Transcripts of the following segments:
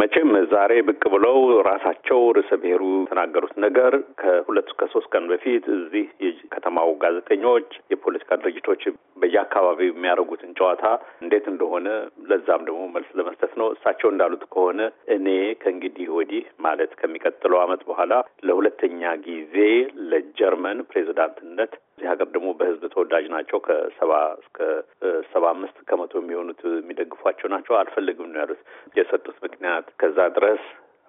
መቼም ዛሬ ብቅ ብለው ራሳቸው ርዕሰ ብሔሩ የተናገሩት ነገር ከሁለት እስከ ሶስት ቀን በፊት እዚህ የከተማው ጋዜጠኞች፣ የፖለቲካ ድርጅቶች በየአካባቢው የሚያደርጉትን ጨዋታ እንዴት እንደሆነ ለዛም ደግሞ መልስ ለመስጠት ነው። እሳቸው እንዳሉት ከሆነ እኔ ከእንግዲህ ወዲህ ማለት ከሚቀጥለው ዓመት በኋላ ለሁለተኛ ጊዜ ለጀርመን ፕሬዚዳንትነት እዚህ ሀገር ደግሞ በ ተወዳጅ ናቸው። ከሰባ እስከ ሰባ አምስት ከመቶ የሚሆኑት የሚደግፏቸው ናቸው። አልፈልግም ነው ያሉት የሰጡት ምክንያት ከዛ ድረስ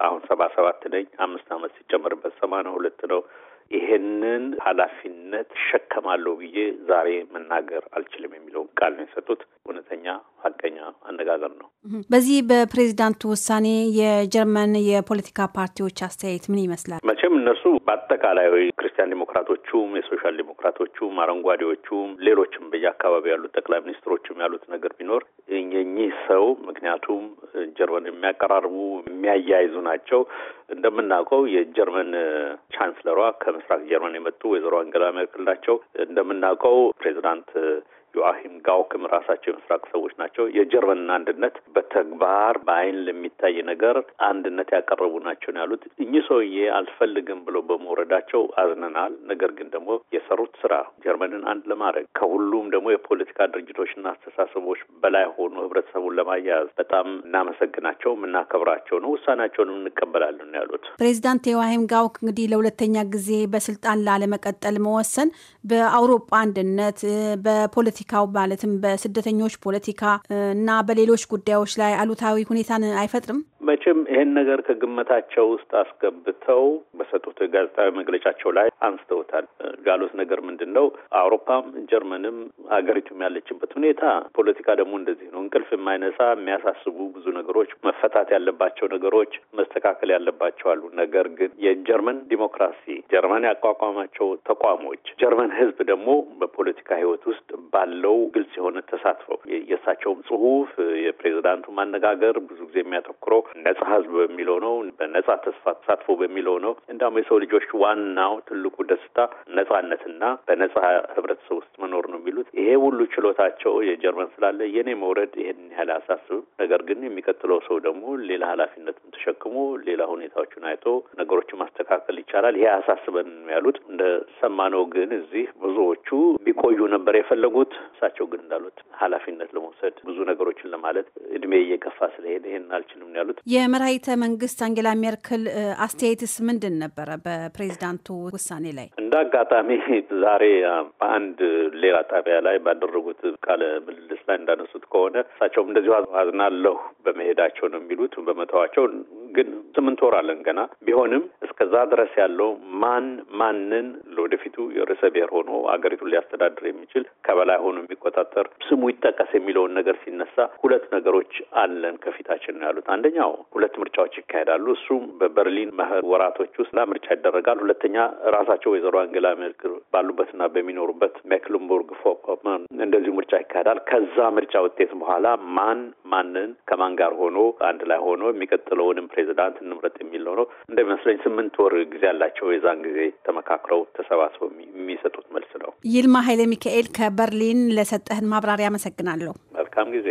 አሁን ሰባ ሰባት ነኝ አምስት አመት ሲጨመርበት ሰማንያ ሁለት ነው። ይሄንን ኃላፊነት እሸከማለሁ ብዬ ዛሬ መናገር አልችልም የሚለውን ቃል ነው የሰጡት። እውነተኛ አነጋገር ነው። በዚህ በፕሬዚዳንቱ ውሳኔ የጀርመን የፖለቲካ ፓርቲዎች አስተያየት ምን ይመስላል? መቼም እነሱ በአጠቃላይ ክርስቲያን ዲሞክራቶቹም፣ የሶሻል ዲሞክራቶቹም፣ አረንጓዴዎቹም፣ ሌሎችም በየአካባቢ ያሉት ጠቅላይ ሚኒስትሮችም ያሉት ነገር ቢኖር የኚህ ሰው ምክንያቱም ጀርመን የሚያቀራርቡ የሚያያይዙ ናቸው። እንደምናውቀው የጀርመን ቻንስለሯ ከምስራቅ ጀርመን የመጡ ወይዘሮ አንገላ ሜርክል ናቸው። እንደምናውቀው ፕሬዚዳንት ጋውክም ራሳቸው የምስራቅ ሰዎች ናቸው። የጀርመንና አንድነት በተግባር በአይን ለሚታይ ነገር አንድነት ያቀረቡ ናቸው ነው ያሉት። እኚህ ሰውዬ አልፈልግም ብሎ በመውረዳቸው አዝነናል። ነገር ግን ደግሞ የሰሩት ስራ ጀርመንን አንድ ለማድረግ ከሁሉም ደግሞ የፖለቲካ ድርጅቶችና አስተሳሰቦች በላይ ሆኑ ህብረተሰቡን ለማያያዝ በጣም እናመሰግናቸው፣ እናከብራቸው ነው። ውሳኔያቸውንም እንቀበላለን ነው ያሉት። ፕሬዚዳንት የዋሂም ጋውክ እንግዲህ ለሁለተኛ ጊዜ በስልጣን ላለመቀጠል መወሰን በአውሮፓ አንድነት በፖለቲካው ባለ ማለትም በስደተኞች ፖለቲካ እና በሌሎች ጉዳዮች ላይ አሉታዊ ሁኔታን አይፈጥርም? መቼም ይሄን ነገር ከግምታቸው ውስጥ አስገብተው በሰጡት ጋዜጣዊ መግለጫቸው ላይ አንስተውታል። ያሉት ነገር ምንድን ነው? አውሮፓም ጀርመንም አገሪቱም ያለችበት ሁኔታ ፖለቲካ ደግሞ እንደዚህ ነው። እንቅልፍ የማይነሳ የሚያሳስቡ ብዙ ነገሮች፣ መፈታት ያለባቸው ነገሮች መስተካከል ያለባቸው አሉ። ነገር ግን የጀርመን ዲሞክራሲ፣ ጀርመን ያቋቋማቸው ተቋሞች፣ ጀርመን ህዝብ ደግሞ በፖለቲካ ህይወት ውስጥ ባለው ግልጽ የሆነ ተሳትፎ የእሳቸውም ጽሁፍ የፕሬዚዳንቱ ማነጋገር ብዙ ጊዜ የሚያተኩረው ነጻ ህዝብ በሚለው ነው፣ በነጻ ተስፋ ተሳትፎ በሚለው ነው። እንዳውም የሰው ልጆች ዋናው ትልቁ ደስታ ነጻነትና በነጻ ህብረተሰብ ውስጥ መኖር ነው የሚሉት። ይሄ ሁሉ ችሎታቸው የጀርመን ስላለ የኔ መውረድ ይሄን ያህል አሳስብ ነገር ግን የሚቀጥለው ሰው ደግሞ ሌላ ኃላፊነትም ተሸክሞ ሌላ ሁኔታዎችን አይቶ ነገሮችን ማስተካከል ይቻላል። ይሄ አያሳስበን ያሉት እንደ ሰማነው ግን እዚህ ብዙዎቹ ቢቆዩ ነበር የፈለጉት። እሳቸው ግን እንዳሉት ኃላፊነት ለመውሰድ ብዙ ነገሮችን ለማለት እድሜ እየገፋ ስለሄደ ይሄን አልችልም ያሉት። የመራይተ መንግስት አንጌላ ሜርክል አስተያየትስ ምንድን ነበረ በፕሬዚዳንቱ ውሳኔ ላይ? እንደ አጋጣሚ ዛሬ በአንድ ሌላ ጣቢያ ላይ ባደረጉት ቃለ ምልልስ ላይ እንዳነሱት ከሆነ እሳቸውም እንደዚሁ አዝናለሁ በመሄዳቸው ነው የሚሉት በመተዋቸው ግን ስምንት ወር አለን ገና ቢሆንም እስከዛ ድረስ ያለው ማን ማንን ለወደፊቱ የርዕሰ ብሔር ሆኖ አገሪቱን ሊያስተዳድር የሚችል ከበላይ ሆኖ የሚቆጣጠር ስሙ ይጠቀስ የሚለውን ነገር ሲነሳ ሁለት ነገሮች አለን ከፊታችን ነው ያሉት። አንደኛው ሁለት ምርጫዎች ይካሄዳሉ። እሱም በበርሊን መኸር ወራቶች ውስጥ ላ ምርጫ ይደረጋል። ሁለተኛ ራሳቸው ወይዘሮ አንጌላ ሜርክል ባሉበትና በሚኖሩበት ሜክልንቡርግ ፎኮመን እንደዚሁ ምርጫ ይካሄዳል። ከዛ ምርጫ ውጤት በኋላ ማን ማንን ከማን ጋር ሆኖ አንድ ላይ ሆኖ የሚቀጥለውንም ፕሬዚዳንት እንምረጥ የሚለው ነው እንደሚመስለኝ ስምንት ስምንት ወር ጊዜ አላቸው። የዛን ጊዜ ተመካክረው ተሰባስበው የሚሰጡት መልስ ነው። ይልማ ኃይለ ሚካኤል ከበርሊን ለሰጠህን ማብራሪያ አመሰግናለሁ። መልካም ጊዜ